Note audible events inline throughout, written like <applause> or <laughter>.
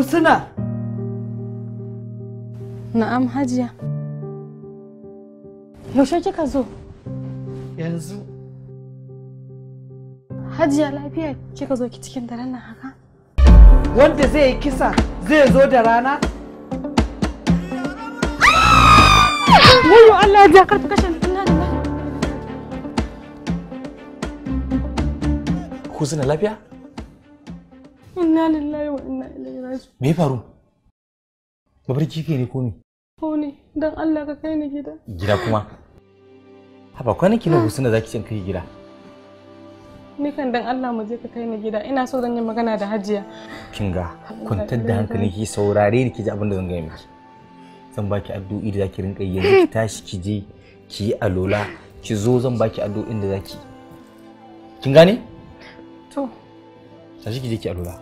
Husna. Na'am Hajiya. Yaushe kika zo? Yanzu. Hajiya lafiya kika zo ki cikin daren nan haka? Wanda zai yi kisa zai zo da rana? Wuyo Allah ya karfi kashe ina da Husna lafiya? Inna lillahi wa inna ilaihi raji'un. Me faru? Mafarki ke ne ko me? Ko ne, don Allah ka kai ni gida. Gida kuma? Haba kwanaki na husuna za ki cin kai gida. Ni kan dan Allah mu je ka kai ni gida. Ina so zan yi magana da Hajiya. Kinga, kwantar da hankali ki saurare ni ki ji abin da zan gaya miki. Zan baki addu'o'i da zaki rinka yi yanzu ki tashi ki je ki yi alola ki zo zan baki addu'o'in da zaki. Kin gane? To, tashi ki je alula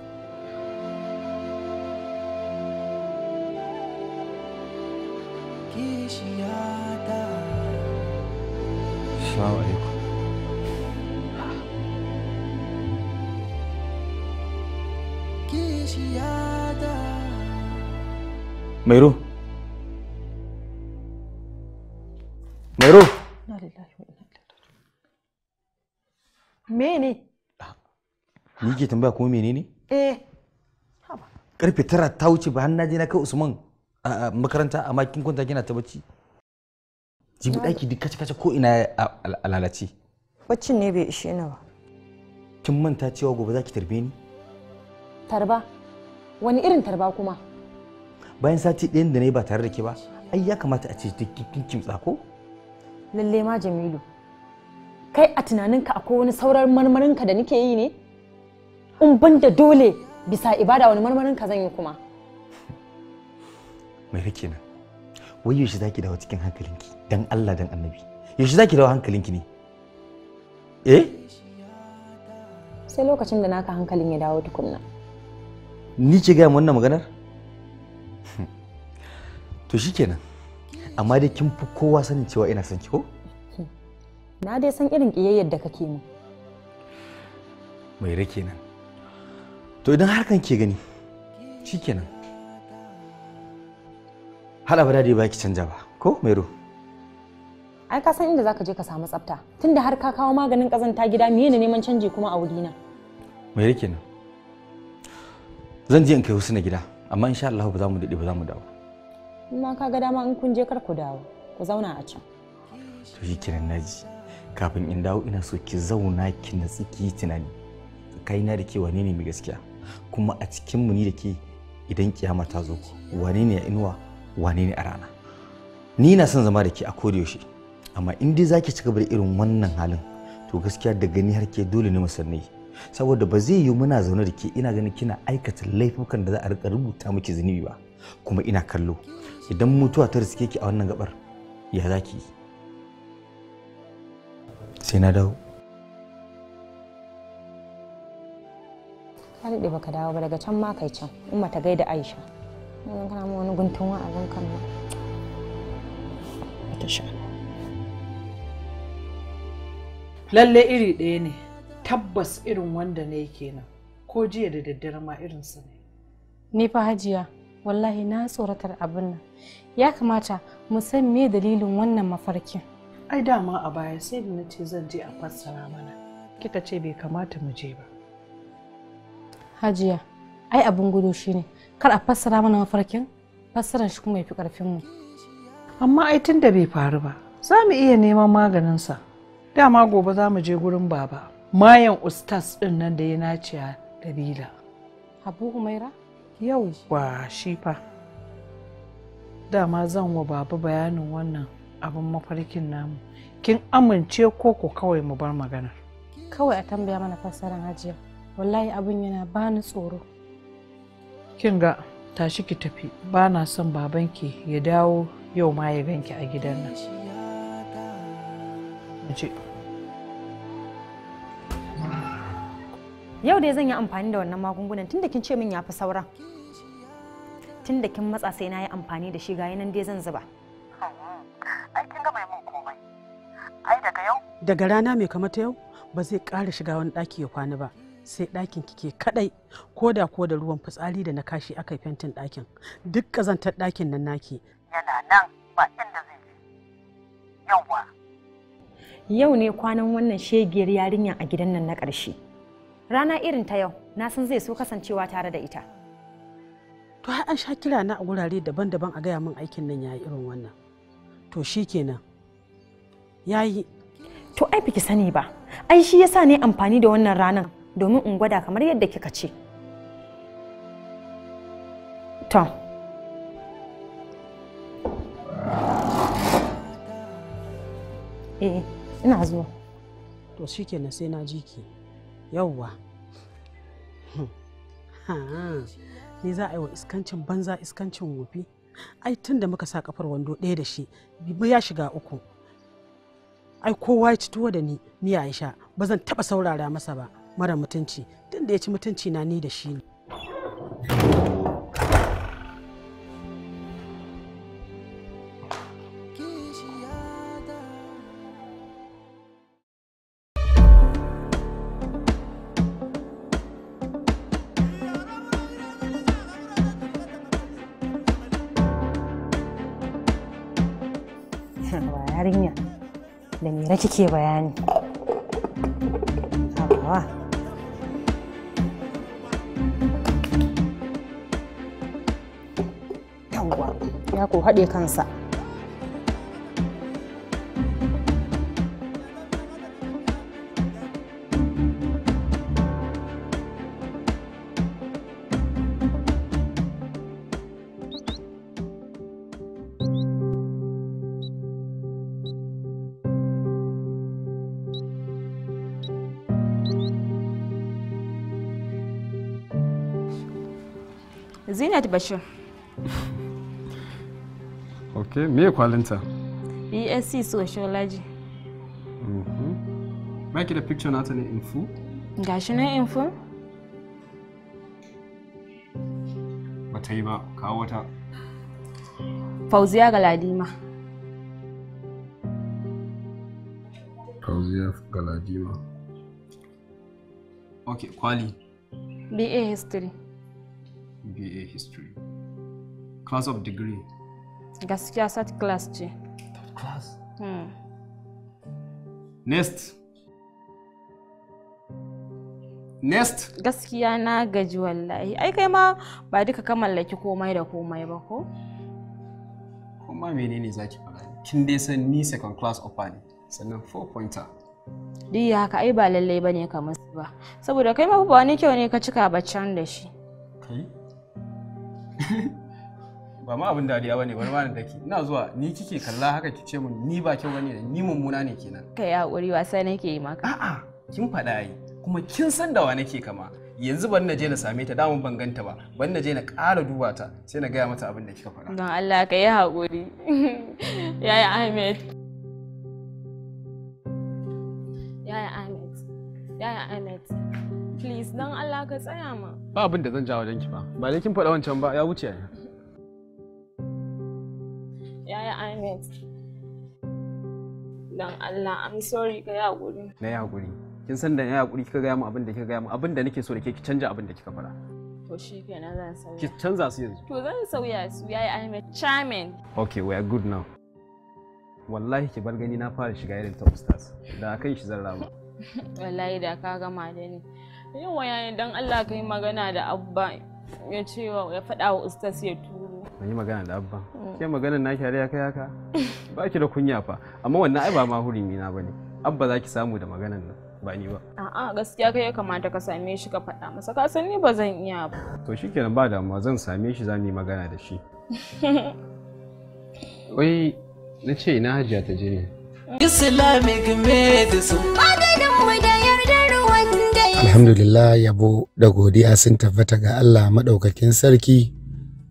Assalamu Meru? Mairu. Mairu. Mene? ni ke tambaya kuma menene eh karfe tara ta wuce ba hannaje na kai usman a makaranta amma kin kwanta kina ta bacci jibi daki duk kace kace ko ina a lalace baccin ne bai ishe ni ba kin manta cewa gobe zaki tarbe ni tarba wani irin tarba kuma bayan sati ɗayan da na yi ba tare da ke ba ai ya kamata a ce kin kimtsa ko lalle ma jamilu kai a tunaninka akwai wani sauran marmarinka da nake yi ne in ban da dole bisa ibada wani marmarin ka zan yi kuma mai rike nan wai yaushe zaki dawo cikin hankalinki dan Allah dan annabi yaushe zaki dawo hankalinki ne eh sai lokacin da naka hankalin ya dawo tukunna ni ce gaya wannan maganar to shikenan amma dai kin fi kowa sanin cewa ina son ki ko na dai san irin kiyayyar da kake mu mai rike nan to idan kan ke gani shikenan har abada dai baki canja ba ko mero ai ka san inda zaka je ka samu tsafta tunda har ka kawo maganin kazanta gida me ne neman canji kuma a wurina mai rike nan zan je in kai na gida amma insha Allah ba za mu dade ba za mu dawo amma ka ga dama in kun je kar ku dawo ku zauna a can to shi kenan naji kafin in dawo ina so ki zauna ki natsi ki tunani na da ke wane ne mai gaskiya kuma a cikin mu ni da ke idan kiyama ta zo wane ne a inuwa wane ne a rana ni na son zama da ke a yaushe amma in dai zaki ci gaba da irin wannan halin to gaskiya da gani har ke dole ne mu saboda ba zai yiwu muna zaune da ke ina ganin kina aikata laifukan da za a rika rubuta miki zunubi ba kuma ina kallo idan mutuwa ta riske ki a wannan gabar ya zaki sai na dawo ka daɗe ka dawo ba daga can ma kai can umma ta gaida aisha yanzu kana ma wani guntun wa'azin kan ma ta sha lalle iri ɗaya ne tabbas irin wanda ne kenan ko jiya da daddare ma irinsa ne ni fa hajiya wallahi na tsoratar abin nan ya kamata mu san me dalilin wannan mafarkin ai dama a baya sai da na ce zan je a fassara mana kika ce bai kamata mu je ba hajiya ai abin gudu shine kar a fassara mana mafarkin fassarar shi kuma ya karfin mu amma ai tun da bai faru ba za mu iya neman maganinsa dama gobe za mu je gurin baba mayan ustas din nan da ya nace a dalila habu humaira yau ba shi fa dama zan wa baba bayanin wannan abin mafarkin namu kin amince ko ku kawai mu bar magana kawai a tambaya mana fassarar hajiya wallahi abin yana bani tsoro kin ga tashi ki tafi ba na son babanki ya dawo yau ma ya ganki a gidan nan yau dai zan yi amfani da wannan magungunan tunda kin ce min ya fi sauran tunda kin matsa sai na yi amfani da shi ga nan dai zan zuba ai kin ga mun komai ai daga yau daga rana mai kamata yau ba zai ƙara shiga wani ɗaki ya kwana ba sai ɗakin kike kaɗai ko da ko da ruwan fitsari da na kashi aka yi fentin ɗakin duk ƙazantar ɗakin nan naki yana nan ba inda zai yauwa yau ne kwanan wannan shegiyar yarinya a gidan nan na ƙarshe rana irin ta yau na san zai so kasancewa tare da ita to har an sha kira na a wurare daban-daban a gaya min aikin nan yayi irin wannan to shikenan yayi to ai biki sani ba ai shi yasa ne amfani da wannan ranar domin in gwada kamar yadda kika ce. To. Eh, ina zuwa. To shikenan sai na ji ki. Yawwa. Hmm. Ni za a yi wa iskancin banza iskancin wofi. Ai tun da muka sa kafar wando ɗaya da shi, ya shiga uku. Ai kowa ya ci tuwo da ni, miya ya sha, ba zan taɓa saurara masa ba. mara mutunci tun da ya ci mutunci na ni da shi ne yarinya da mera kike bayani ya ko haɗe kansa Zinat Bashir. Okay, eh, me kwalinta esc sociology maki mm-hmm. da picture nata ne in full shi ne in full ba ta yi ba kawo ta fauziya galadima fauziya galadima Okay, kwali ba history ba history class of degree gaskiya sat class ce class hmm. next next gaskiya na gaji wallahi ai kai ma ba duka ka mallaki komai da komai ba ko kuma menene zaki fara? kin dai san ni second class offer ne sannan four pointer duk ya haka ai ba lallai bane kamar su ba saboda kai ma ba wani kyau ne ka cika baccan da shi kai ba ma abin dariya bane bari ma da ina zuwa ni kike kalla haka ki ce mun ni ba kyau bane ni mummuna ne kenan kai hakuri wasa nake yi maka a'a kin faɗa yi kuma kin san da wa nake kama yanzu ban na je na same ta damun ban ganta ba ban na je na ƙara duba ta sai na gaya mata abin da kika faɗa don Allah ka yi hakuri <laughs> yaya Ahmed yaya Ahmed yaya Ahmed please don Allah ka tsaya ma ba abin da zan ja wajen ki ba ba dai kin faɗa wancan ba ya wuce ne yaya Ahmed dan Allah I'm sorry ka ya guri na ya guri kin san da ya guri kika ga mu abin da kika ga mu abin da nake so da ke ki canja abin da kika fara to shi kenan zan sauya ki canza su yanzu to zan sauya su yayi Ahmed chairman okay we are good now wallahi ki bar gani na fara shiga irin ta ustaz da akan shi zan rama <laughs> wallahi da ka gama da ni yawa yayin dan Allah kai magana da abba ya ce ya faɗa wa ustaz ya tura? na yi magana da abba oh. ke maganar na shari'a kai haka ba ki da kunya fa amma wannan ai ba ma hurumi na bane abba za ki samu da maganar nan ba ni ba a'a gaskiya kai ya kamata ka same shi ka faɗa masa ka san ba zan iya ba to shikenan ba damuwa zan same shi za yi magana da shi <laughs> wai na ce ina hajiya ta je ne <laughs> islamic da yardar alhamdulillah yabo da godiya sun tabbata ga Allah madaukakin sarki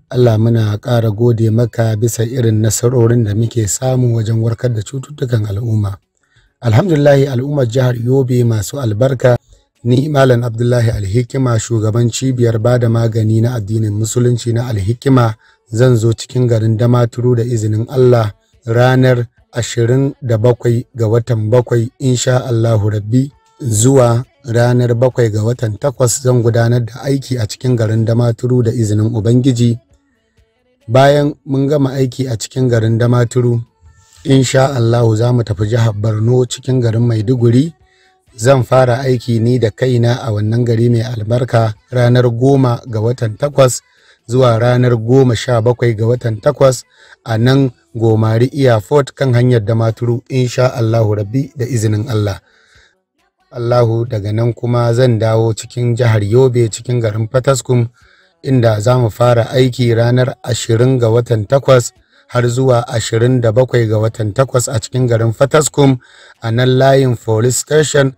Allah muna ƙara gode maka bisa irin nasarorin da muke samu wajen warkar da cututtukan al'umma. Alhamdulillahi al'ummar jihar Yobe masu albarka ni Malam Abdullahi Alhikima shugaban cibiyar bada magani na addinin musulunci na Alhikima zan zo cikin garin Damaturu da izinin Allah ranar 27 ga watan 7 insha Allahu Rabbi zuwa ranar 7 ga watan 8 zan gudanar da aiki a cikin garin Damaturu da izinin Ubangiji bayan mun gama aiki a cikin garin damaturu insha Allahu za mu tafi jihar Borno cikin garin Maiduguri zan fara aiki ni da kaina a wannan gari mai albarka ranar goma ga watan takwas zuwa ranar goma sha bakwai ga watan takwas a nan gomari iya fort kan hanyar damaturu insha Allahu rabbi da izinin Allah. Allahu daga nan kuma zan dawo cikin jihar Yobe cikin garin Fataskum. inda za mu fara aiki ranar 20 ga watan 8 har zuwa 27 ga watan takwas a cikin garin Fataskum a nan layin police station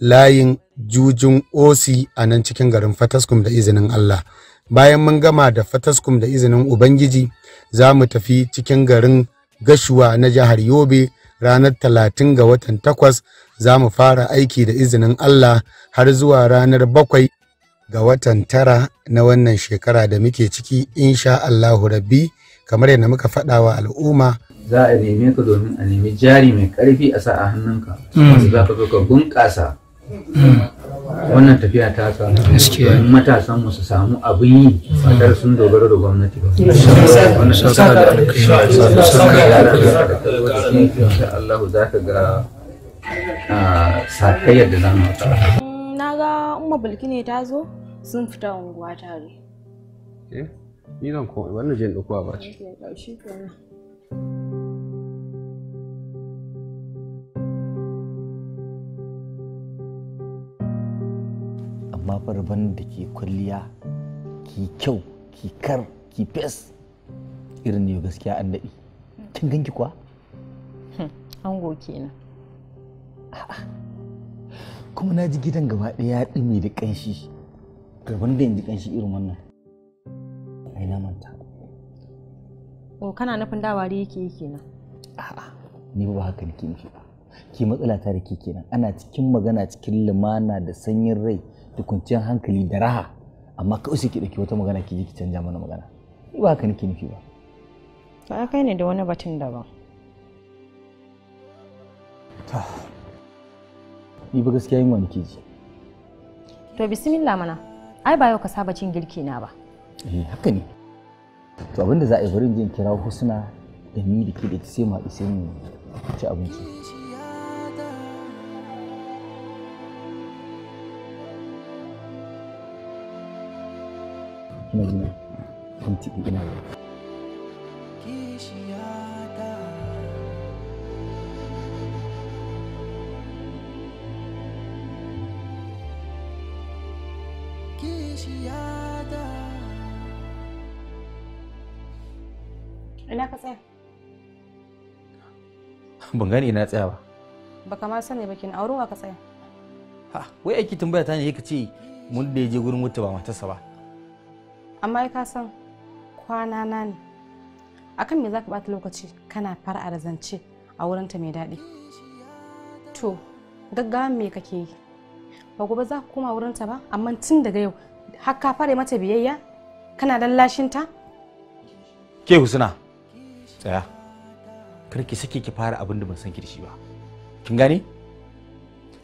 layin jujun osi a nan cikin garin Fataskum da izinin Allah. Bayan mun gama da Fataskum da izinin Ubangiji za mu tafi cikin garin Gashuwa na jihar Yobe ranar 30 ga watan 8 za mu fara aiki da izinin Allah har zuwa ranar 7 ga watan tara na wannan shekara da muke ciki insha Allahu rabbi kamar yadda muka faɗa wa al'umma za a neme ka domin a nemi jari mai ƙarfi a sa a hannunka hmm. wasu za ka zo ka bunƙasa hmm. wannan tafiya ta samu domin matasan mu su samu abin yi ba sun dogara da gwamnati ba hmm. wani da Allah za ka ga ah, sakayyar da za mu na ga umma bulki ne ta zo sun fita unguwa tare eh ni zan wannan jin ɗauko a baci amma farban da ke kwalliya ki kyau ki kar ki fes irin ne gaskiya an daɗi kin ganki kuwa hmm, ango kenan kuma na ji gidan gaba ɗaya ya ɗumi da ƙanshi gaban da yanzu kanshi irin wannan ai na manta o kana nufin dawari yake yake nan a'a ni ba haka nake nufi ba ki matsala ta da ke kenan ana cikin magana cikin lumana da sanyin rai da kwanciyar hankali da raha amma kawai sai ki dauki wata magana ki je ki canja mana magana ni ba haka nake nufi ba to kai ne da wani batun daban ni ba gaskiya yin wani ke ji to bismillah mana ai ba yau ka saba cin girki na ba eh haka ne to abinda za a yi barin jin kira husna da ni da ke da sai mu haɗu sai mu ci abinci kina jina kun ina yau kishiyata ina ka tsaya ban gane na tsaya ba baka ma sani ba kin aurewa ka tsaya ha wai aiki tambaya ta ne ka ce mun da je gurin mutu ba matarsa ba amma ka san kwana na ne akan me zaka bata lokaci kana fara da zance a wurinta mai daɗi to gaggawa me kake yi ba gobe za ka koma wurinta ba amma tun daga yau har ka fare mata biyayya kana lashinta. ke husna tsaya kar ki sake ki fara abin ban san ki da ba kin gane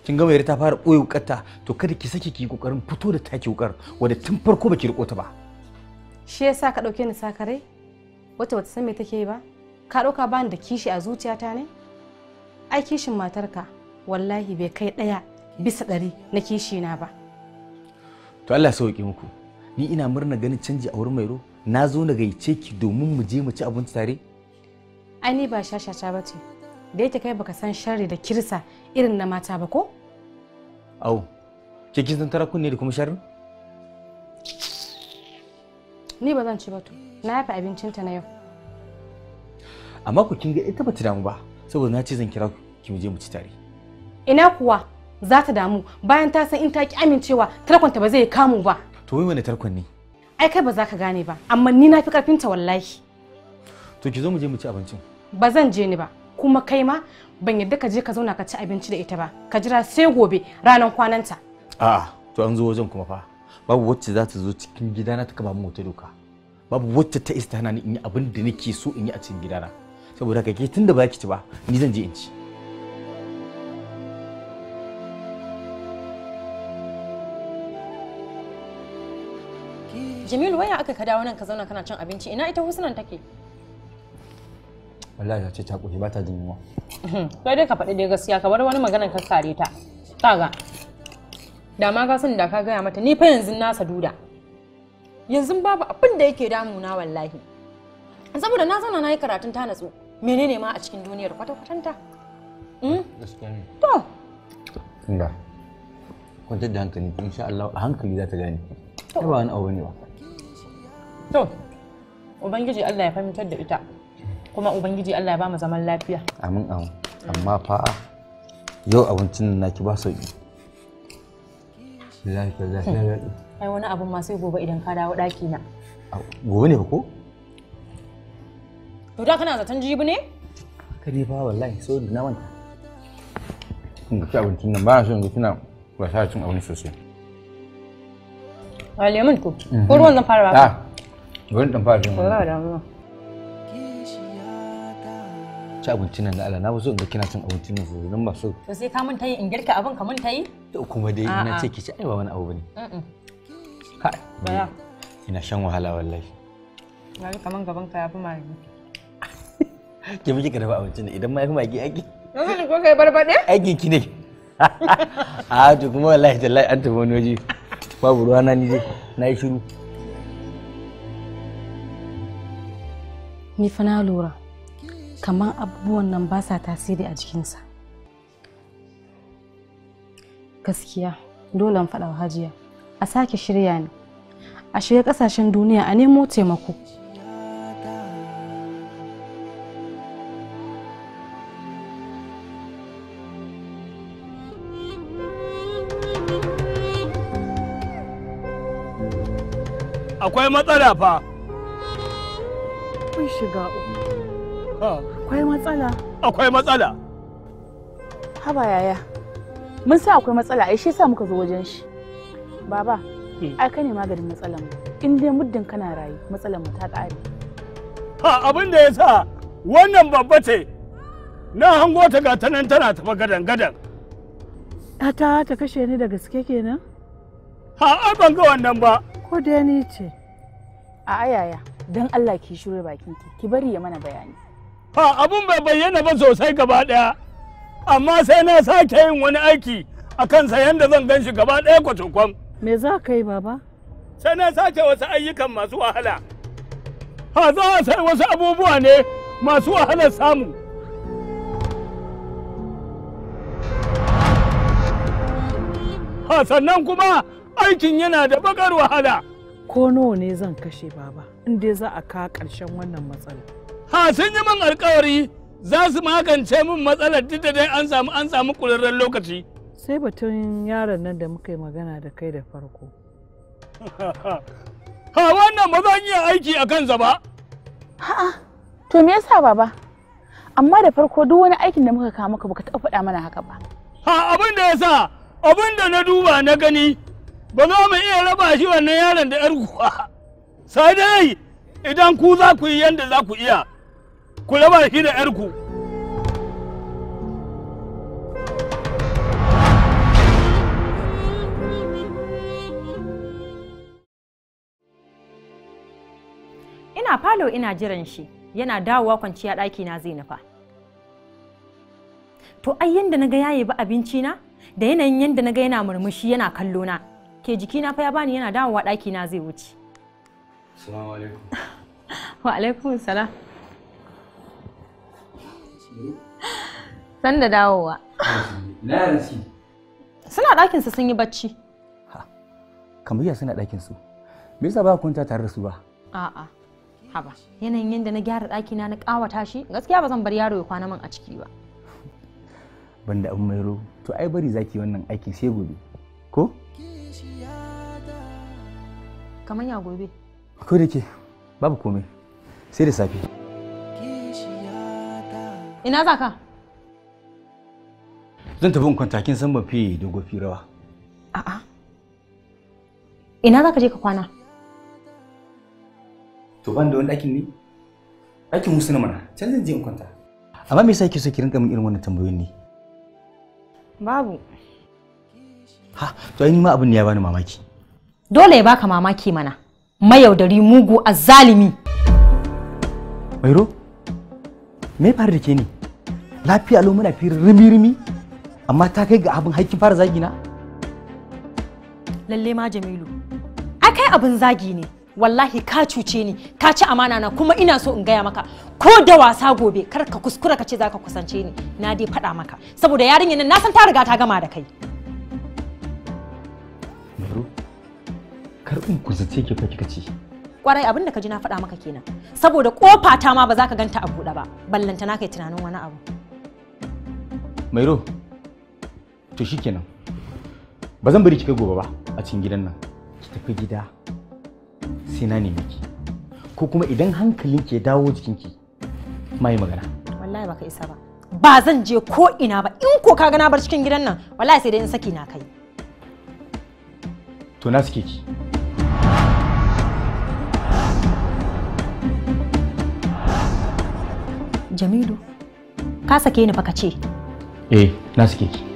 kin ga mai ta fara ɓoye wukarta to kada ki sake ki kokarin fito da taki wukar wanda tun farko baki riko ta ba shi yasa ka dauke ni sakarai wata bata san me take yi ba ka dauka bani da kishi a zuciyata ne ai kishin matarka wallahi bai kai daya bisa ɗari na kishi na ba to Allah sauke muku ni ina murna ganin canji a wurin mairo na zo na gaice ki domin mu je mu ci abinci tare ai ni ba shashasha ba ce da yake kai baka san sharri da kirsa irin na mata ba ko au ke kin san tarakun ne da kuma sharri ni ba zan ci ba to na yafa ta na yau amma ku kin ga ita ba ta damu ba saboda na ce zan kira ki mu je mu ci tare ina kuwa za ta damu bayan ta san in ta ki amincewa tarkonta ba zai kamu ba to wai wani tarkon ne ai kai ba za ka gane ba amma ni na fi karfin ta wallahi to ki zo mu je mu ci abincin ba zan je ni ba kuma kai ma ban yadda ka je ka zauna ka ci abinci da ita ba ka jira sai gobe ranar kwananta a'a to an zo wajen kuma fa babu wacce za ta zo cikin gidana ta kaba mu doka babu wacce ta isa tana ni in yi abin da nake so in yi a cikin gidana saboda ka ke tun da ba ki ci ba ni zan je in ci Jamilu waya aka ka dawo nan ka zauna kana cin abinci ina ita husnan take? Wallahi ta ce ta koshi ba ta jin yunwa. Hmm, kai dai ka faɗi dai gaskiya ka bar wani maganar ka kare ta. Kaga. Da ma ka san da ka gaya mata ni fa yanzu na saduda. Yanzu babu abin da yake damuna wallahi. Saboda na zauna na yi karatun ta natsu. Menene ma a cikin duniyar kwata-kwatanta? Hmm? Gaskiya ne. To. Inda. Kwantar da hankali, insha Allah a hankali za ta gane. Ba wani abu ne ba. to ubangiji Allah ya fahimtar da ita kuma ubangiji Allah ya ba mu zaman lafiya amin amin amma fa yau abincin naki ba sauƙi. lafiya hmm. ai wani abun ma sai gobe idan ka dawo daki na gobe ne ko to da kana zaton jibi ne ne fa wallahi so ni na manta Kun ga abincin nan ba na so in kina ba sa cin abinci sosai a lemun ko mhm. ko ruwan nan fara ba Wurin ɗan fara jin wani. damuwa. Ci abinci nan da Allah na so in ga kina cin abincin nan sosai nan ba so. To sai ka mun tayi in girka abin ka mun tayi? To kuma dai ina ce ki ci ai ba wani abu bane. Kai. Baya. Ina shan wahala wallahi. Na ji kaman gaban ka yafi magi. <laughs> Ke miki ka dafa abincin nan idan ma yafi magi aiki. Yanzu ko kai barbaɗe? <laughs> Aiki ki ne. <laughs> A to kuma wallahi tallahi an tafi wani waje. Babu ruwa na ni dai na yi shiru. ni fa na lura kaman abubuwan nan ba sa tasiri a jikin sa gaskiya dole in faɗa hajiya a sake shirya ni a shiga ƙasashen duniya a nemo taimako akwai matsala fa an shiga akwai matsala akwai matsala haba yaya mun sa akwai matsala ai shi sa muka zo wajen shi baba hmm. ai ka ne maganin matsalar mu in dai muddin kana rayu matsalar mu ta ƙare ha abin da sa wannan babba ce na hango ta ga ta nan tana tafa gadan gadan ta ta kashe ni da gaske kenan ha ai ban ga wannan ba ko dai ni ce a ayaya don Allah ki shirya bakin ki ki bari ya mana bayani ha abun bai bayyana ba sosai gaba daya amma sai na sake yin wani aiki akan sa yanda zan gan shi gaba daya me za ka yi baba sai na sake wasu ayyukan masu wahala ha za a sai wasu abubuwa ne masu wahalar samu ha sannan kuma aikin yana da bakar wahala ko nawa ne zan kashe baba in dai za a kawo ƙarshen wannan matsala ha sun yi min alkawari za su magance min matsalar duk da dai an samu an samu kurarren lokaci sai batun yaron nan da muka yi magana da kai da farko ha wannan ba zan iya aiki a kansa ba ha'a to me yasa baba amma da farko duk wani aikin da muka kawo maka baka taɓa faɗa mana haka ba ha abin yasa abin da na duba na gani ba za mu iya raba shi wannan yaron da 'yar kuwa sai dai idan ku za ku yi yadda za ku iya ku raba shi da 'yar ku. ina falo ina jiran shi yana dawowa kwanciya ɗaki na zai nufa to ai yadda na ga yaye ba abinci na da yanayin yadda na ga yana murmushi yana kallona. na ke jikina fa ya bani yana dawowa ɗaki na zai wuce salamu alaikum <laughs> wa alaikum salam sanda dawowa na yarci suna ɗakin su sun yi bacci ha kamar suna ɗakin su me yasa ba kunta tare da su ba a'a haba yanayin yadda na gyara ɗakina na ƙawata shi gaskiya ba zan bar yaro ya kwana min a ciki ba banda mai ro to ai bari zaki wannan aikin sai gobe ko kamar ya gobe ko da ke babu komai sai da safe ina za ka zan tafi in kwanta kin san ba fi dogo fi rawa a'a ina za ka je ka kwana to ban da wani ɗakin ne ɗakin na mana can zan je in kwanta amma me yasa kike so ki rinka min irin wannan tambayoyin ne babu ha to ai ni ma abin ne ya bani mamaki dole ya baka mamaki mana mayaudari mugu a zalimi. mairo me fara da ke ne? lafiya lo muna fi rimi amma ta kai ga abin haikin fara zagi na lalle ma jamilu a kai abin zagi ne wallahi ka cuce ni ka ci amana na kuma ina so in gaya maka ko da wasa gobe kar ka kuskura ka ce zaka kusance ni na dai faɗa maka saboda yarinyar nan na san ta riga ta gama da kai kar in kuzace ki fa ci kwarai abin da ka ji na faɗa maka kenan saboda kofa ta ma ba za ka ganta a buɗe ba ballanta na kai tunanin wani abu mairo to shikenan ba zan bari ki gobe ba a cikin gidan nan ki tafi gida sai na nemi ki ko kuma idan hankalin ki ya dawo ki, ma yi magana wallahi baka isa ba ba zan je ko ina ba in ko ka ga na bar cikin gidan nan wallahi sai dai in saki na kai to na suke ki jamilu ka sake ni baka ce eh na suke ki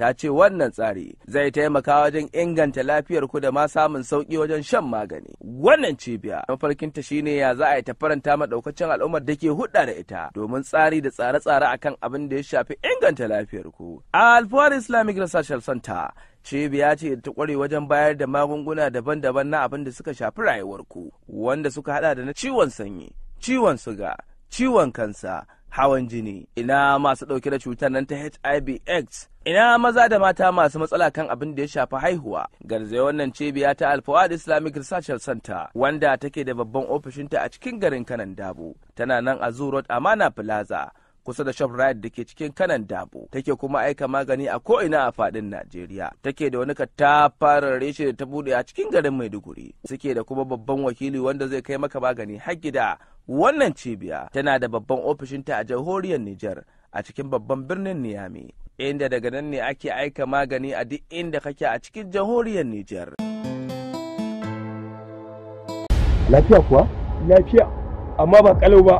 ta ce wannan tsari zai taimaka wajen inganta lafiyar ku da ma samun sauki wajen shan magani wannan cibiya mafarkinta shine ya za a yi ta faranta ma al'ummar da ke hudda da ita domin tsari da tsare-tsare akan abin da ya shafi inganta lafiyar ku alfawar islamic research center cibiya ce ta kware wajen bayar da magunguna daban-daban na abin da suka shafi rayuwar ku wanda suka hada da na ciwon sanyi ciwon suga ciwon kansa hawan jini ina masu ɗauke da cutar nan ta hiv aids ina maza da mata masu matsala kan abin da ya shafi haihuwa garzaya wannan cibiya ta alfawad islamic research center wanda take da babban ofishinta a cikin garin kanan dabo tana nan a zoo road amana plaza kusa da shop da ke cikin kanan dabo take kuma aika magani a ko'ina a fadin najeriya take da wani katafarar reshe da ta bude a cikin garin maiduguri suke da kuma babban wakili wanda zai kai maka magani har gida wannan cibiya tana da babban ofishinta a jamhuriyar niger a cikin babban birnin niyami inda daga nan ne ake aika magani a duk inda kake a cikin jamhuriyar niger lafiya kuwa lafiya amma ba kalau ba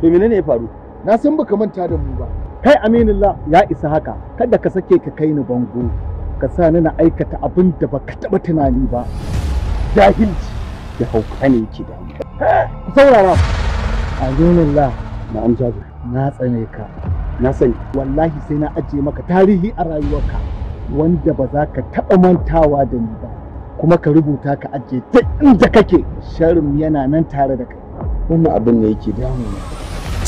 to menene ya faru na san baka manta da mu ba kai aminullah ya isa haka kada ka sake ka kai ni bango ka sa ni na aikata abin da baka taba tunani ba jahilci da hauka ne yake da mu saurara aminullah na an na tsane ka na sani wallahi sai na ajiye maka tarihi a rayuwarka wanda ba za ka taba mantawa da ni ba kuma ka rubuta ka ajiye duk inda kake sharin yana nan tare da kai wannan abin ne yake damuna.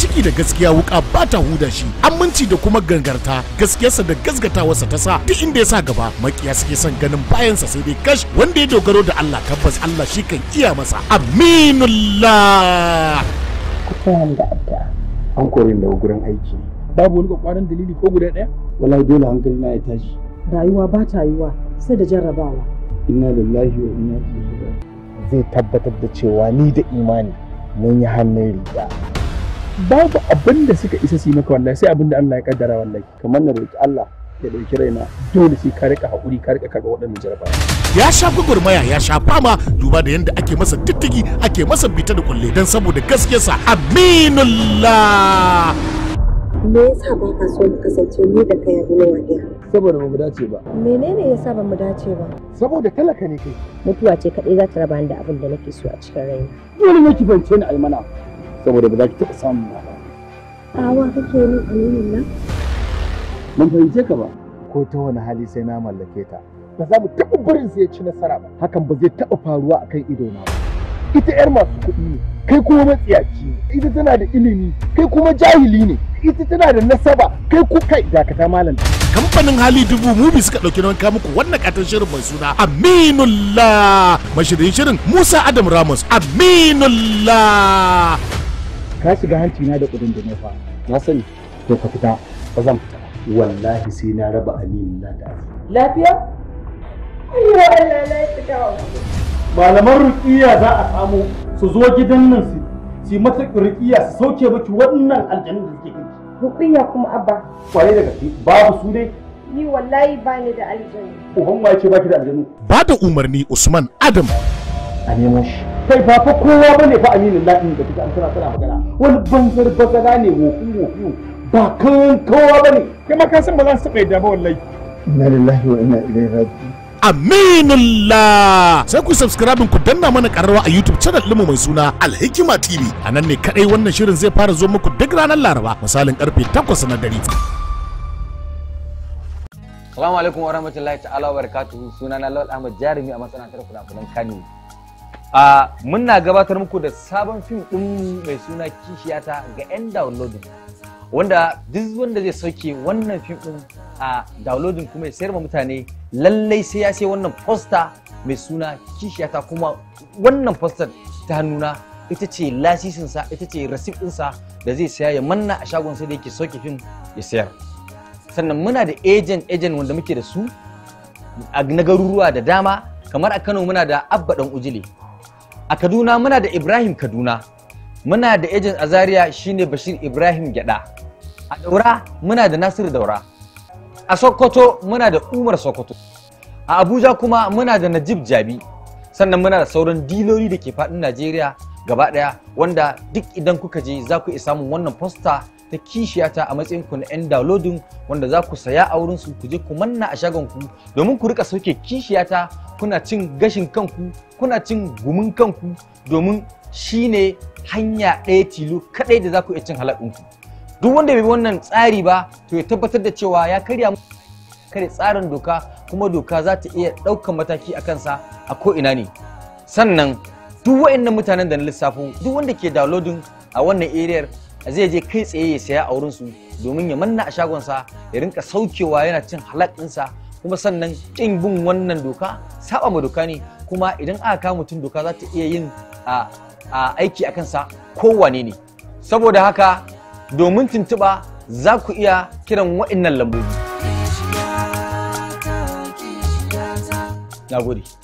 ciki da gaskiya wuka ba ta huda shi aminci da kuma gangarta gaskiyarsa da gasgatawarsa ta sa duk inda ya sa gaba makiya suke son ganin bayansa sai dai kash wanda ya dogaro da Allah tabbas Allah shi kan iya masa aminullah kusan da adda an korin da gurin aiki babu wani kwakwaran dalili ko guda daya wallahi dole hankali na ya tashi rayuwa ba ta yiwa sai da jarrabawa inna lillahi wa inna ilaihi zai tabbatar da cewa ni da imani mun yi hannun riga babu abin da suka isa su yi maka wallahi sai abin da Allah ya kaddara wallahi kamar na roki Allah ya ɗauki raina dole sai ka rika haƙuri ka rika karɓa waɗannan jarabar. Ya sha gwagwarmaya ya sha fama duba da yadda ake masa tittigi ake masa bita da kulle don saboda gaskiyarsa aminullah. Me yasa ba ka so mu kasance ni da kai a inuwa ɗaya? Saboda ba mu dace ba. Menene yasa ba mu dace ba? Saboda talaka ne kai. Mutuwa ce kaɗai za ta raba ni da abin da nake so a cikin raina. Dole ne ki bance ni almana. saboda ba za ki taɓa samun ba. Awa kake yi a nunin nan? Ban fahimce ka ba. Ko ta wani hali sai na mallake ta. Ba za mu taɓa barin sai ya ci nasara ba. Hakan ba zai taɓa faruwa a kan ido na ba. Ita 'yar masu kuɗi ne, kai kuma matsiyaci ne. Ita tana da ilimi, kai kuma jahili ne. Ita tana da nasaba, kai ku kai dakata malam. kamfanin hali dubu mubi suka ɗauki nan kawo muku wannan katon shirin mai suna aminullah mashirin shirin musa adam ramos aminullah ka shiga hanci na da kudin da ne fa na sani to ka fita ba zan wallahi sai na raba aminu na da lafiya ayyo Allah na fita malaman ruqiya za a samu su zo gidan nan su su mata ruqiya su sauke miki wannan aljanna da kike ruqiya kuma abba kware da gaske babu su dai ni wallahi ba ni da aljanu uban ma yace baki da aljanu ba da umarni Usman Adam a nemo shi kai ba fa kowa bane fa aminin lahin da kika an tana tana magana wani bangar bazara ne wofi wofi ba kan kowa bane kai ma ka san ba za su bai yadda ba wallahi inna lillahi wa inna ilaihi raji'un aminullah sai ku subscribe ku danna mana karrawa a YouTube channel ɗinmu mai suna Alhikima TV a nan ne kadai wannan shirin zai fara zo muku duk ranar Laraba misalin karfe 8 na dare Assalamu alaikum wa rahmatullahi ta'ala wa barakatuhu sunana Lawal Ahmad Jarumi a masana'antar fina-finan Kano a muna gabatar muku da sabon fim din mai suna kishiyata ga 'yan downloading wanda duk wanda zai sauke wannan fim din a downloading kuma ya sayar ma mutane lallai sai ya sai wannan posta mai suna kishiyata kuma wannan poster ta hannuna ita ce lasisinsa ita ce rasifinsa da zai saya ya manna a shagon sai da yake sauke fim ya sayar sannan muna da agent agent wanda muke da su na garuruwa da dama kamar a kano muna da abba dan ujile a kaduna muna da ibrahim kaduna muna da agent azariya shine bashir ibrahim gyada a daura muna da nasiru daura a sokoto muna da umar sokoto a abuja kuma muna da najib jabi sannan muna da sauran diloli da ke faɗin najeriya gaba ɗaya wanda duk idan kuka je za ku iya samun wannan fosta ta kishiyata a matsayin ku na 'yan downloading wanda za ku saya a wurin su ku je ku manna a shagon ku domin ku rika sauke kishiyata kuna cin gashin kanku kuna cin gumin kanku domin shine hanya ɗaya tilo kaɗai da za ku iya cin halaɗinku duk wanda bai bi wannan tsari ba to ya tabbatar da cewa ya karya kare tsarin doka kuma doka za ta iya ɗaukan mataki a kansa a ko'ina ne sannan duk wa'annan mutanen da na lissafo duk wanda ke downloading a wannan eriyar zai je kai tsaye ya saya a wurin su domin ya manna a shagonsa ya rinka saukewa yana cin halak ɗinsa kuma sannan kin bin wannan doka saba ma doka ne kuma idan aka kawo mutum doka za ta iya yin a aiki a kansa kowane ne saboda haka domin tuntuɓa za ku iya kiran wa'innan lambobi na